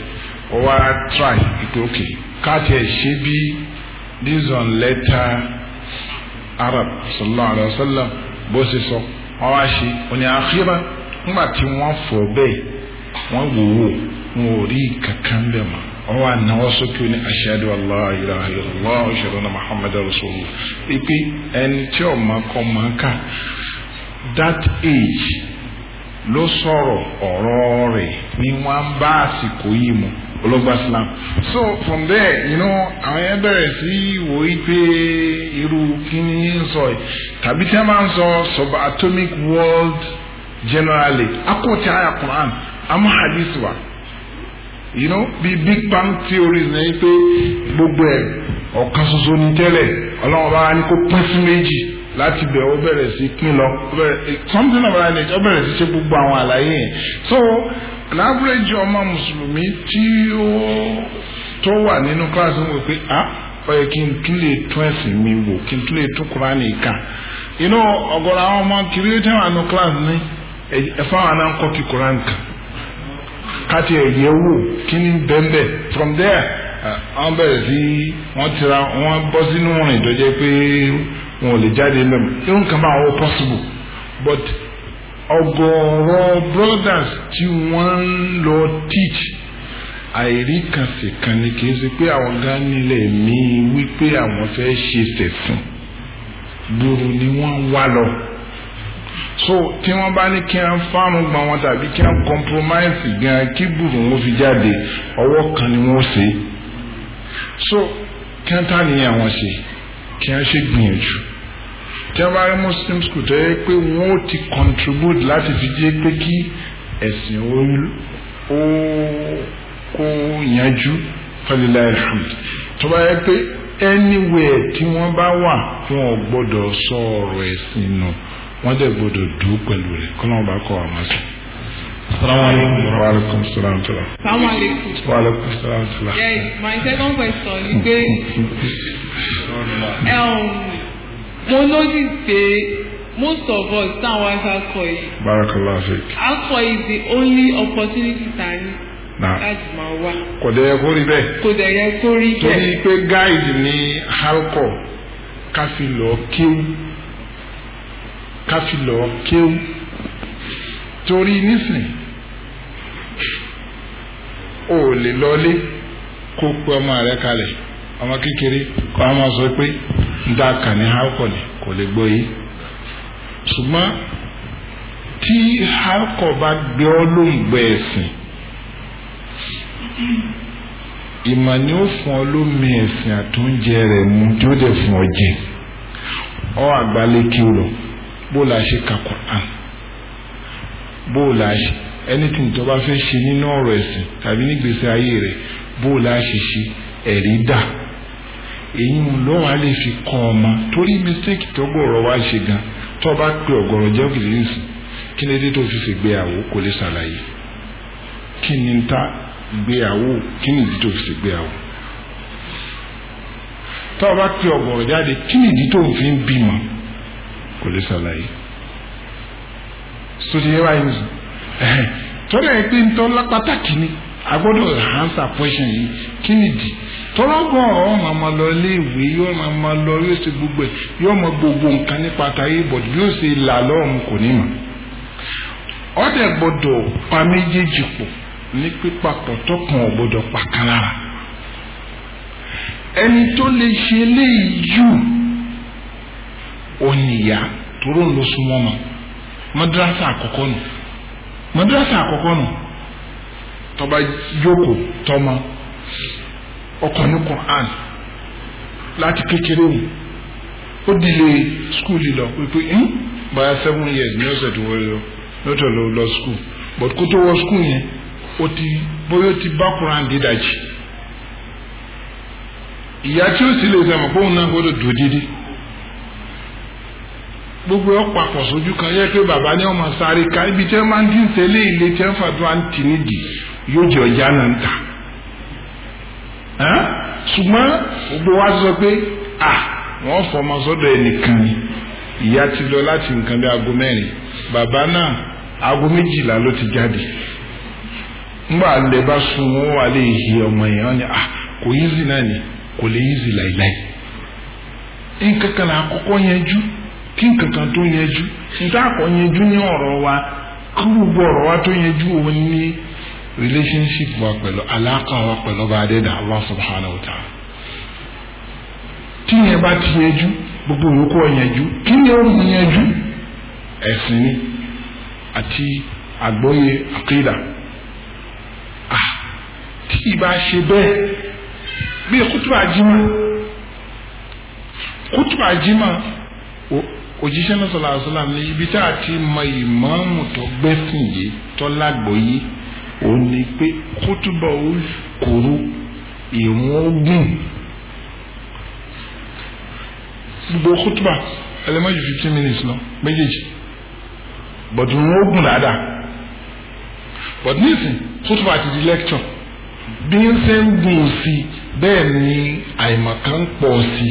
ó wá try ìpè òkè káàtì ẹ̀ ṣe bí this one letter arab sallallahu alayhi wa sallam bó ṣe sọ wọn wá ṣe ó ní àkírà nígbà tí wọ́n fọ̀ bẹ́ẹ̀ wọ́n wò ó wọn ò rí kankan bẹ́ẹ̀ mọ́ wọn wà náwó sókè ní ashhadu an la ilaha illallah ashhadu anna ipe ẹni tí ò máa kọ́ máa kà that age ló sọ̀rọ̀ ọ̀rọ̀ rẹ̀ ni wọ́n bá àsìkò yìí mu olóògbé islam so from there you know àwọn yẹn bẹ̀rẹ̀ sí wò ó pé irú kíni ń sọ yìí tàbí tí wọ́n máa ń sọ subatomic world generally akọ̀tí àyà Quran amú hadith wa you know the big bang theory ní ẹ pé gbogbo ẹ ọ̀kan ṣoṣo ní tẹ́lẹ̀ ọlọ́run bá ní kó pín sí méjì láti bẹ̀ ó bẹ̀rẹ̀ sí pín lọ something of that nature ó bẹ̀rẹ̀ sí ṣe gbogbo àwọn àlàyé yẹn so an average ọmọ mùsùlùmí tí ó tó wà nínú kíláàsì ń wò pé ah ó yẹ kí n tún lè tún ẹ̀sìn mi wò kí n tún lè tún Kùránì You know, ọ̀gọ̀rọ̀ àwọn ọmọ kiri tí wọ́n wà kíláàsì ní ẹ̀fọ́ àwọn anáńkọ́ kí Kùránì Kati ẹ̀yẹ wo kini ni from there eh, wọ́n bẹ̀rẹ̀ sí wọ́n tira wọ́n bọ́ sínú rìn tó jẹ́ pé wọn ò lè jáde mẹ́mọ́ irun kan bá wọ́n possible but ọ̀gọ̀ọ̀rọ̀ brothers tí wọ́n ń lọ teach àìrí kan sì kan ni kì í ṣe pé àwọn gan nílẹ̀ míì wípé àwọn fẹ́ ṣe sẹ̀sìn gbòòrò ni wọ́n wá lọ so tí wọ́n bá ní kí wọ́n fáànù gbà wọn tàbí kí wọ́n compromise gan kí gbùrù wọn fi jáde ọwọ́ kan ni wọ́n ṣe so kí wọ́n tà níyà wọn ṣe kí wọ́n ṣe gbìyànjú tí wọ́n bá rí muslim school tó yẹ pé wọ́n ó ti contribute láti fi jẹ́ pé kí ẹ̀sìn ó kó yanjú fẹ́lẹ́lá ẹ̀fù tó bá yẹ pé anywhere tí wọ́n bá wà wọn ò sọ ọ̀rọ̀ ẹ̀sìn nù wọ́n dẹ̀ gbọ́dọ̀ dùn pẹ̀lú rẹ̀ kọ́ náà bá kọ́ wa máa sùn. Assalamualaikum warahmatullahi wabarakatuh. Assalamualaikum. Waalaikumsalam warahmatullahi wabarakatuh. Yes, my second question is pé [LAUGHS] um, mo notice pé most of us táwọn aṣọ akọ yìí. Barakallahu fik. Akọ is the only opportunity ta ni kò dẹ̀ yẹ kó rí bẹ́ẹ̀. kò dẹ̀ yẹ kó rí bẹ́ẹ̀. torí pé guide ní halkọ ká fi lọ kéwù. ká lọ kéwú torí nísìn ò lè lọlé kó pe ọmọ rẹ kalẹ̀ ọmọ kékeré kó a sọ pé ń dá kàní hákọ̀lì kò lè gbọ́ yìí ṣùgbọ́n tí hákọ̀ bá gbé ọ lóǹgbẹ ẹ̀sìn ìmọ̀ ni ó fún ọ lómi ẹ̀sìn àtúnjẹ rẹ̀ mu tí ó dẹ̀ fún ọ jẹ ọ àgbálékí lọ. bó la ṣe ka Quran bó la ṣe anything tó bá fẹ́ ṣe nínú ọ̀rọ̀ ẹ̀sìn tàbí nígbèsè ayé rẹ̀ bó la ṣe ṣe ẹ̀rí dà èyí ń lọ́ wa lè fi kọ́ ọmọ torí mistake tó gbọ̀rọ̀ wá ṣe gan tó bá pe ọ̀gọ̀rọ̀ jẹ́ òkèlè nsìn kí ni dé tó fi ṣègbéyàwó kò lè ṣàlàyé kí ni ta gbéyàwó kí ni dé tó fi ṣègbéyàwó tó bá pe ọ̀gọ̀rọ̀ jáde kí ni dé tó fi ń bímọ kò lè ṣàlàyé sóde yẹ báyìí nìyí tọ́lá yẹ pé ntọ́lá pàtàkì ni agbọ́dọ̀ hansa question yìí kí ni di tọ́lọ́gbọ̀n ọ̀ màmá lọ iléèwé yóò màmá lọ yóò ṣe gbogbo ẹ̀ yóò mọ gbogbo nǹkan nípa àtàyè bọ̀dù yóò ṣe là lọ́rùn kò ní mọ̀ ọ̀dẹ̀ gbọ́dọ̀ pa méjèèjì pọ̀ ní pípapọ̀ tọkàn ọ̀gbọ́dọ̀ pa kan lára lè ṣe eléyìí jù òun nìyá tóró ń ma madrasa àkọ́kọ́ nù madrasa àkọ́kọ́ nù tọba yòókù tọmọ ọkọ̀ ní Quran láti kékeré mu ó dìde skúlì lọ pípé ń hmm, báyà seven years ní ọ̀sẹ̀ tó wọlé lọ lọ́tọ̀ lọ lọ skúl but kó tó wọ skúl yẹn ó ti bóyá ó ti bá Quran dídàjì ìyá tí ó sì lè sẹ́mọ̀ pé òun náà gbọ́dọ̀ dùn dídí gbogbo ẹ papọ̀ sójú kan yẹ pé bàbá ni ọmọ sáré ká ibi tí wọ́n máa ń ti ń tẹ́lẹ̀ ilé tí wọ́n fàdúrà ń tì nídìí yóò jẹ ọjà náà ń tà ṣùgbọ́n gbogbo wa sọ pé à wọ́n fọmọ sọ́dọ̀ ẹnìkan ni ìyá ti lọ láti nǹkan bí aago mẹ́rin bàbá náà aago méjìlá ló ti jáde ńgbà lè bá sun wọn wà lè hi ọmọ yẹn ni à kò yízi náà ni kò lè yízi láìláì nǹkan kan àkọ́kọ́ yẹn jú kí nkankan tó yanjú níta kò yanjú ní ọ̀rọ̀ wa kí gbogbo ọ̀rọ̀ wa tó yanjú òun ní relationship wa pẹ̀lú alaka wa pẹ̀lú ọba adẹ́dà Allah subhanahu wa ta'ala tí yẹn bá ti yanjú gbogbo òun kò yanjú kí ni ó mú yanjú ẹ̀sìn ni àti àgbọ́yé àkídà ah, tí ìbá ṣe bẹ́ẹ̀ bí kútùbà jímọ̀ kútùbà jímọ̀ òjíṣẹ́ náà sọ̀rọ̀ àṣọlá ní ibi tá a ti mọ ìmáàmù tó gbẹ́sìn yìí tó lágbóyé òun ni pé kútùbà ó kúrú ìwọ̀n ogún gbogbo kútùbà ẹlẹ́mọ̀jì fifteen minutes lọ méjèèjì but ìwọ̀n ogún dáadáa but nísìn kútùbà ti di lecture bí ń ṣe ń gùn sí bẹ́ẹ̀ ni àìmọ̀kan pọ̀ sí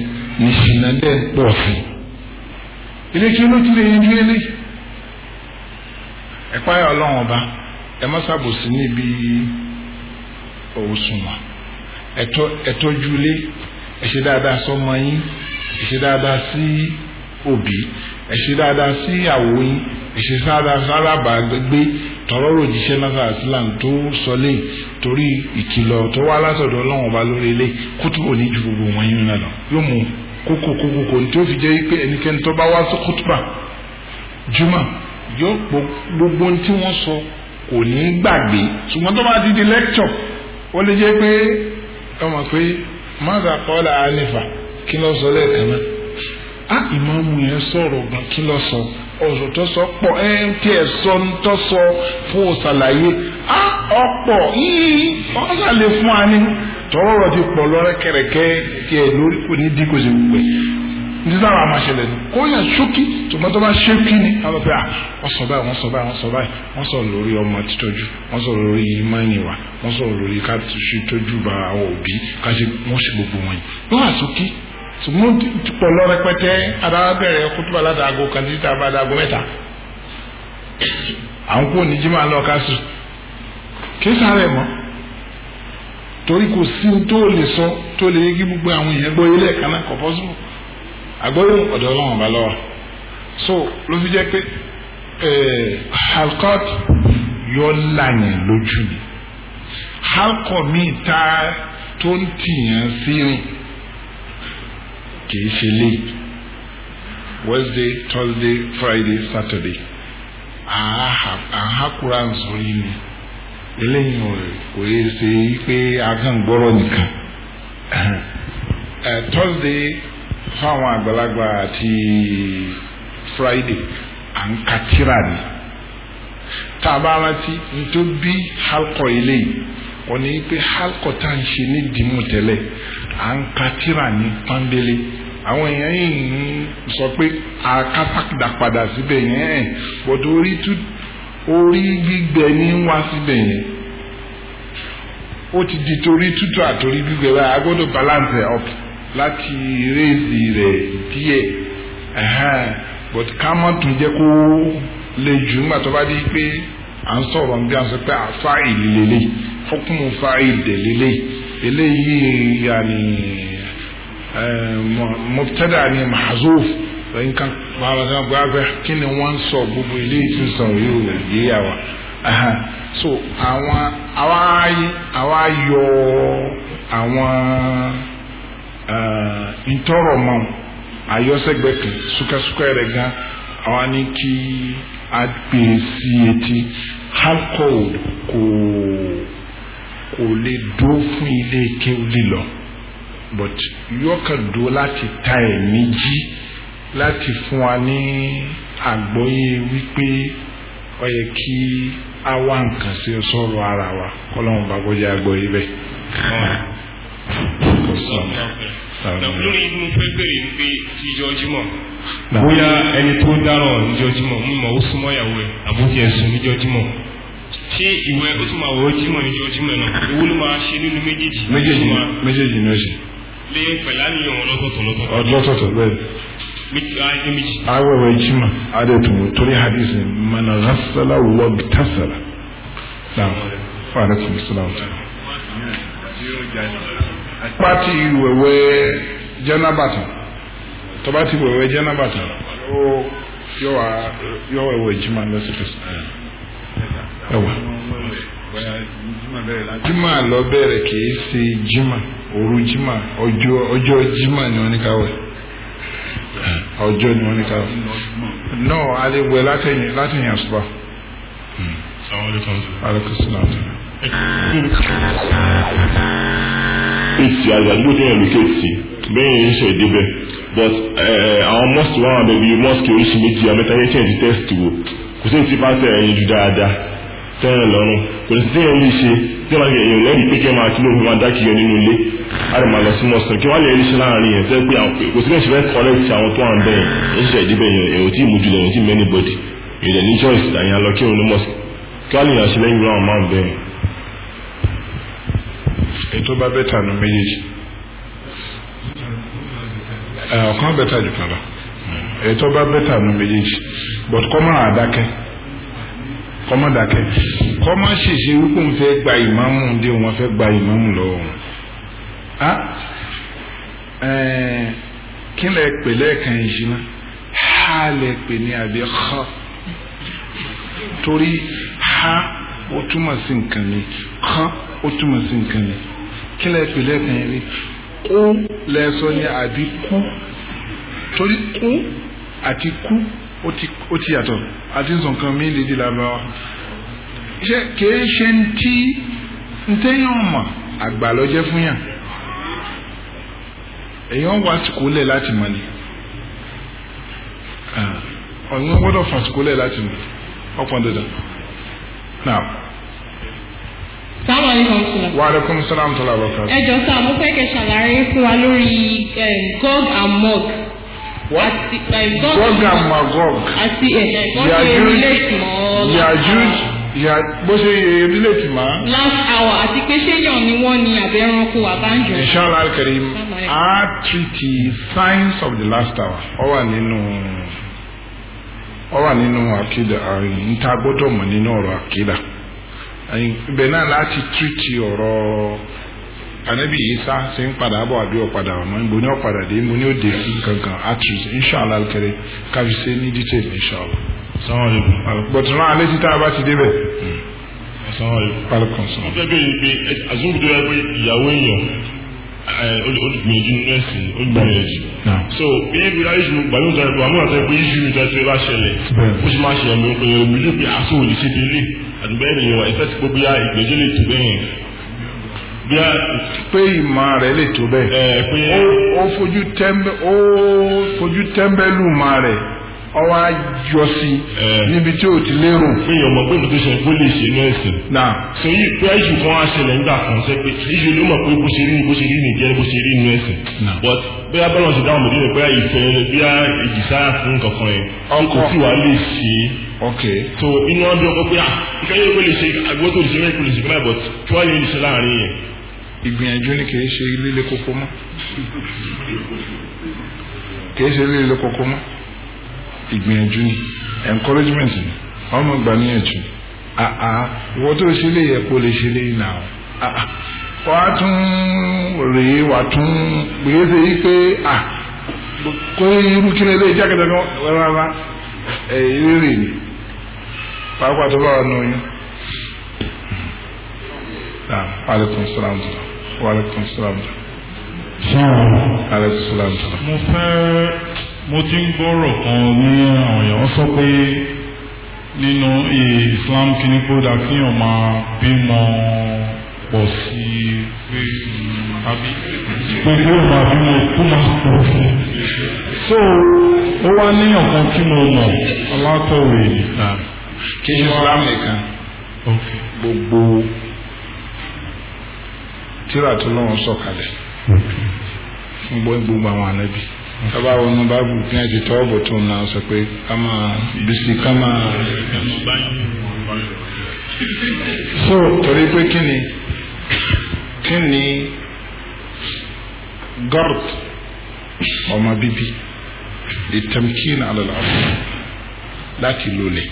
ìṣìnà dẹ́ pọ̀ sí ìrèké lójú lè yẹn dúró lé ẹ̀pá yà ọlọ́run ọba ẹ má ṣàbòsí níbi òwòsùnwọ̀n ẹ tọ́jú ilé ẹ ṣe dáadáa sọ́mọ yín ẹ ṣe dáadáa sí òbí ẹ ṣe dáadáa sí ìyàwó yín ẹ ṣe dáadáa sálábàágbé tọrọ òjíṣẹ́ náà islam tó sọ lé torí ìkìlọ̀ tó wá látọ̀dọ̀ ọlọ́run ọba lórí ilé kútùbò ní ju gbogbo wọn yín náà lọ yóò mú un. kókòkókò kò ní tó fi jẹ́ pé ẹnikẹ́ni tó bá wá sí kútùbà yóò gbogbo tí wọ́n sọ kò ní gbàgbé ṣùgbọ́n tó bá ti di lẹ́kítọ̀ ó lè jẹ́ pé ẹ mọ̀ pé mọ́tà kọ́lá àlefa kí ló sọ lẹ́ẹ̀kan náà á ah, ìmáàmù yẹn sọ̀rọ̀ gan kí ló sọ ọ̀rọ̀ tó sọ pọ̀ ẹ ń sọ ń ah, ni. tọ́rọ̀ ti pọ̀ lọ́rẹ́ kẹ̀rẹ̀kẹ́ tiẹ̀ lórí kò ní dín kò sì wù pé ní sábà máa ṣẹlẹ̀ ní kó yàn ṣókí tòmọ́ tó bá ṣókí ni àwọn pé ah, wọ́n sọ báyìí wọ́n sọ báyìí wọ́n sọ báyìí wọ́n sọ lórí ọmọ títọ́jú wọ́n sọ lórí ìmánì wa wọ́n sọ lórí ká ṣe tọ́jú bá àwọn òbí ká ṣe wọ́n ṣe gbogbo wọn yìí wọ́n wà ṣókí tòmọ́ ti pọ̀ lọ rẹpẹtẹ adáwà bẹ̀rẹ̀ kútùbà ládàgò kan títí tá à ń kó oníjìmọ̀ àlọ́ ká sùn kí sáré mọ́ torí kò sí ohun tó lè sọ tó lè yẹ kí gbogbo àwọn èèyàn gbọ́ ilé ẹ̀ka náà kọ̀ pọ́sibú àgbọ́yé ọ̀dọ̀ ọlọ́run ọba lọ́wọ́ so ló fi jẹ́ pé eh, halkot yọ làyàn lójú ni halkọ míì tá tó ń tìyàn sí rìn kìí ṣe lé wednesday thursday friday saturday àhàkúrà ń sọ yìí ni eléyìí kò yé ṣe pé agángbọ́rọ̀ nìkan eh, Thursday fáwọn àgbàlagbà àti Friday à ń ka tírà ni tá a bá rántí nítorí bí halkọ̀ eléyìí wọ́n ní pé halkọ̀ tá à ń ṣe ní dìímù tẹ́lẹ̀ à ń ka tírà ní pọ́nbélé àwọn èèyàn yìí ń sọ pé àkàtàkùdà padà síbẹ̀ yẹn bọ̀dọ̀ orí tún orí gbígbẹ ní ń wá síbẹ̀ yẹn ó ti di torí tútù àtòrí gbígbẹ báyìí a gbọ́dọ̀ balance up láti rézì rẹ̀ díẹ̀ but ká má tún jẹ́ kó lè jù nígbà tó bá di pé à ń sọ̀rọ̀ bí a pé àfa ìlélẹ́lẹ́ fọkùnmù fa ìdẹ̀lẹ́lẹ́ eléyìí yàní eh, mọ̀tẹ́dà ni mahazuf nǹkan máa bá sọ gbọ́ agbẹ́ kí ni wọ́n ń sọ gbogbo eléyìí tí ń sọ yóò yé àwa so àwọn àwa àwa yọ àwọn ntọ́rọ̀ eh, mọ́ àyọ́sẹ́gbẹ́ kan súkásúká rẹ̀ gan àwa ní kí a gbé sí etí alcohol kò kò lè dó fún ilé kéwìlì lọ but yọkàn dó láti ta ẹ̀mí jí láti fún wa ní àgbọ́yé wípé ó yẹ kí a wá nǹkan sí sọ̀rọ̀ ara wa kọ́lọ́hún bá gbọ́dọ̀ àgbọ́yé bẹ́ẹ̀. lórí inú fẹ́ bèrè pé ìjọ jímọ̀ bóyá ẹni tó dárọ̀ níjọ jímọ̀ mímọ̀ ó súnmọ́ ìyàwó ẹ̀ àbójì ẹ̀sùn níjọ jímọ̀ ṣé ìwẹ̀ ó tún máa wọ̀ jímọ̀ níjọ jímọ̀ náà owó ló máa ṣe nínú méjèèjì méjèèjì ni ó ṣe lé pẹ̀lú àníyàn lọ́tọ̀ọ̀tọ̀ lọ́tọ̀ọ̀tọ̀ awẹwẹ jima adetun torí hadith ni mana ghasala wa bitasala naam wa alaikum salaam ta. pati wẹwẹ jẹnabata tọba wewe wẹwẹ jẹnabata o yọwa yọwa wẹwẹ jima lọsifẹsẹ ẹwà jima lọ bẹ̀rẹ̀ kì í ṣe jima òru jima ọjọ́ jima ni wọn ní ká ọjọ́ ni wọ́n ní ká no alẹ́wẹ̀ látẹ̀yìn látẹ̀yìn àṣùbà. èsì àgbàgbọ́dé ẹ̀ lókè sí bẹ́ẹ̀ yẹn ń ṣe ìdíbẹ̀ but eh, eh, àwọn mosque wà wọn bẹ̀bí mosque oríṣi méjì àmẹ́ta yẹn tẹ̀ ti test wò kò sí ti bá tẹ̀ ẹ̀yìn jù dáadáa tẹ́rẹ̀ lọ́rùn kò sí tẹ́yẹ̀ ń ṣe tẹ́yẹ̀ máa ń yẹ̀yẹ̀ lẹ́rìí pé kẹ́ máa kí ló máa dá kiri nínú ilé àrùn màlọ sí mọ́sítọ̀ kí wọ́n lè rí iṣẹ́ láàrin yẹn fẹ́ pé kò sí mẹ́sì kọ́lẹ́tì àwọn tó hàn bẹ́ẹ̀ ẹ̀ṣẹ̀ ìdíbẹ̀ yẹn èyí tí ìmú jùlọ èyí tí ní choice àyàn lọ kí òun ní mọ́sí kí wọ́n lè yàn ṣe lẹ́yìn ìran máa bẹ́ẹ̀. ètò bá bẹ́tà nu méjèèjì ọ̀kan jù ètò bá méjèèjì but kọ́ máa dákẹ́ kí lẹ pè lẹ́ẹ̀kan yìí ná ha lẹ pè ní àbí xa torí ha ó túmọ̀ sí nǹkan mi xa ó túmọ̀ sí nǹkan mi kí lẹ pè lẹ́ẹ̀kan yìí kú lẹ sọ ní àbí kú torí kú àti kú ó ti yàtọ̀ àti nǹkan mi lè di làbáwá ṣe kìí ṣe ń tí ń téèyàn mọ̀ àgbà lọ fún yàn èèyàn wà àsìkò lẹ̀ láti mọ̀ ni ah, ọ̀nà gbọ́dọ̀ fàsìkò lẹ̀ láti mọ̀ ọ̀pọ̀ dandan. now sáwọn alaikum salam. wa alaikum salam tó làbọ̀ kan. ẹ jọ sá mo fẹ́ kẹ́ ṣàlàyé fún wa lórí eh, gog and mog. àti eh, gog and magog. àti ẹ̀ẹ́dẹ́gbọ́n ṣe relate mọ́. yàjú bó ṣe relate last hour àti pé ṣéyàn ni wọ́n ní àbẹ̀rànkù àbájọ. inshallah al-karim oh a treaty signs of the last hour ó wà nínú ó wà nínú àkídà níta gbọ́dọ̀ mọ̀ nínú ọ̀rọ̀ ọrọ ibẹ̀ náà láti treaty ọ̀rọ̀ anabi isa ṣe ń padà bọ̀ àbí ọ̀padà ìbò ní ọ̀padà dé ìbò ní òde inshallah bọ̀tún náà alẹ́ síta bá ti débẹ̀. wọ́n fẹ́ bẹ́ẹ̀ yìí pé àzúrò tó yẹ pé ìyàwó èèyàn olùgbìyànjú nẹ́ẹ̀sì olùgbìyànjú. so bíi ibi láyé ìṣòro gbàlóhùn tó yẹ pé àmúhàn tó yẹ pé ìmọ̀ rẹ̀ lè tó bẹ́ẹ̀ ó fojú tẹ́ḿbẹ́lú ìmọ̀ rẹ̀ ọwọ́ ayọ sí níbi tí o ti lérò. pé ọmọ pé mo tó ṣe kó lè ṣe náà sí. na so yìí pé iṣu kan á ṣẹlẹ̀ nígbà kan ṣe pé iṣu ló mọ̀ pé bó ṣe rí ni bó ṣe rí ni jẹ́ bó ṣe rí ni ẹ̀sìn. but bí a bọ́lọ̀ ṣe dáhùn mọ̀ nílẹ̀ pé ìfẹ́ bí a ìjìsáyà fún kankan yẹn. ọkọ kò tí wàá lè ṣe. ok so inú ọdún ọkọ pé ah ìkẹyẹ kò lè ṣe agbótó lè ṣe mẹ́rin kò lè ṣe mẹ́rin but tí wàá yẹn lè ṣe láàrin yẹn. ìgbìyànjú ni kì í ṣe líle kókó mọ́ kì í ṣe líle kókó mọ́ ìgbìyànjú ni encouragement ni ọmọ gbà níyànjú àà ìwọ tó ṣe lè yẹ kó lè ṣe lè nà ọ àà wàá tún rèé wàá tún gbèyé e ṣe yí pé à kó irú kí ni ilé ìjákèjá kan rárá ìrírì ni pàápàá tó bá wà nù yín. Aleykum salaam wa aleykum salaam. Aleykum salaam. Mo fẹ́ mo ti ń gbọ́rọ̀ kan ní àwọn èèyàn sọ pé nínú e, Islam kìíní kódà kíyàn máa bímọ pọ̀ sí pé àbí pé kí ó máa bímọ kó máa pọ̀ sí. so ó wá ní ọ̀kan tí mo mọ̀ alátọ̀wé nìkan. kí ṣe Islam nìkan gbogbo tíra tó lọ́wọ́ sọ̀kalẹ̀ fún gbogbo àwọn ànábì tọ́ba wọnú báàbù tí wọ́n ti tọ́ ọ̀bọ̀ tó ń sọ pé ká bisi ká so torí pé kí ni kí ni gord ọmọ bíbí ìtẹ̀mkín alàlàfo láti lólẹ̀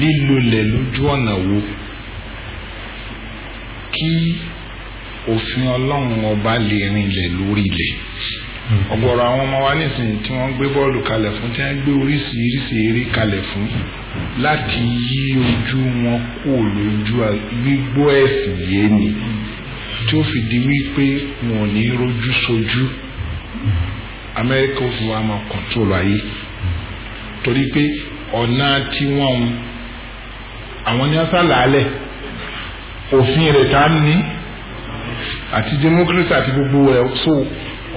lílolẹ̀ lójú ọ̀nà wo kí òfin ọlọ́run ọba lè rinlẹ̀ lórí ilẹ̀ ọ̀gọ̀rọ̀ àwọn ọmọ wa nísìnyí tí wọ́n ń gbé bọ́ọ̀lù kalẹ̀ fún tí wọ́n ń gbé oríṣiríṣi eré kalẹ̀ fún láti yí ojú wọn kó lójú gbígbọ́ ẹ̀sìn yé ni tí ó fi di wípé wọn ò ní rojú sojú Amẹ́ríkà ó fi wá máa kọ̀ntrol ayé torí pé ọ̀nà tí wọ́n ń àwọn ní asálà alẹ̀ òfin rẹ̀ tá a ní àti democracy àti gbogbo rẹ̀ so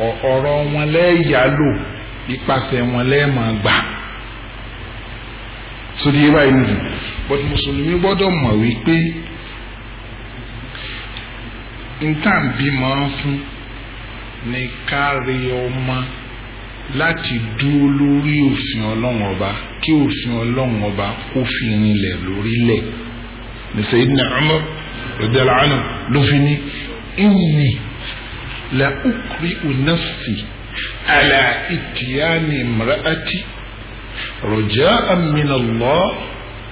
ọ̀rọ̀ wọn lẹ́yàlò ipasẹ̀ wọn lẹ́ẹ̀mọ̀ gbà sódì yé báyìí nìyí but mùsùlùmí gbọ́dọ̀ mọ̀ wípé nǹkan bímọ fún ni kárí ọmọ láti dúró lórí òfin ọlọ́run ọba kí òfin ọlọ́run ọba kó fi rinlẹ̀ lórílẹ̀ ní Sayyidina Umar radiyallahu anhu ló fi ní ìyìn la ukri'u nafsi ala itiyani imra'ati رجاء من الله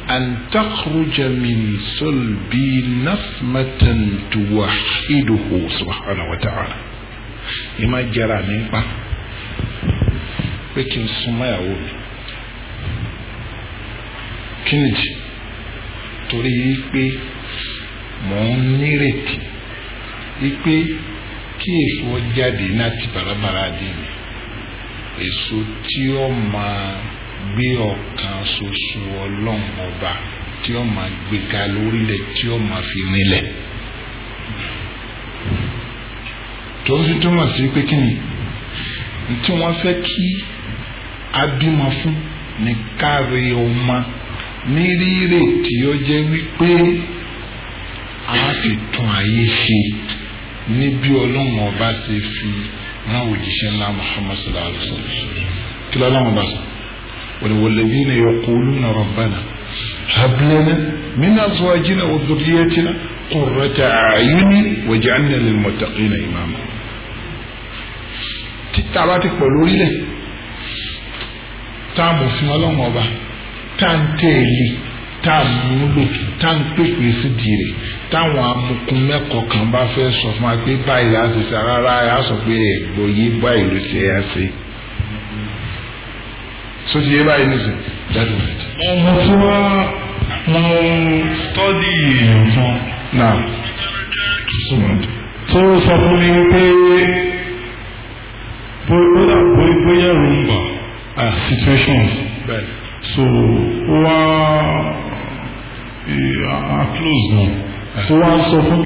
أن تخرج من صلبي نسمة توحده سبحانه وتعالى ìmá jẹra mi ń pa pé kí n súnmọ́ ìyàwó mi kí n jì torí pé mò ń nírètí pé kí èso jáde láti bàràbàrà dì mí èso tí ó máa gbé ọ̀kan ṣoṣo ọlọ́run ọba tí ó máa gbé ga lórílẹ̀ tí ó máa fi rinlẹ̀ tó ń túmọ̀ sí pé kí ni tí wọ́n fẹ́ kí a bímọ fún ní káre ọmọ ní rírè tí ó jẹ́ wípé a fi tún ayé ṣe ní bí ọlọ́run ọba ṣe fi rán òjíṣẹ́ ńlá muhammad sallallahu alayhi wa sallam kí ló ọlọ́run ọba sọ walladhina yaquluna rabbana hab lana min azwajina wa dhurriyyatina qurrata a'yunin waj'alna lil muttaqina imama títà bá ti pọ̀ lórílẹ̀ tá a mọ̀ fún ọlọ́run ọba tá a ń tẹ̀lé tá a múlò tá a ń pèpè sí di táwọn amukun mẹ́kọ̀ọ́ kan bá fẹ́ sọ fún wa pé báyìí á ṣe ṣe rárá á sọ pé ẹ̀gbọ́n yé báyìí ló ṣe é ṣe so ti yé báyìí nísìn jáde wáyé. ọmọ tí wọn wọn tọ́dí èèyàn kan. náà tó sọ fún mi pé bóyá bóyá rumba situations so wá eh, a close náà tí wọ́n sọ fún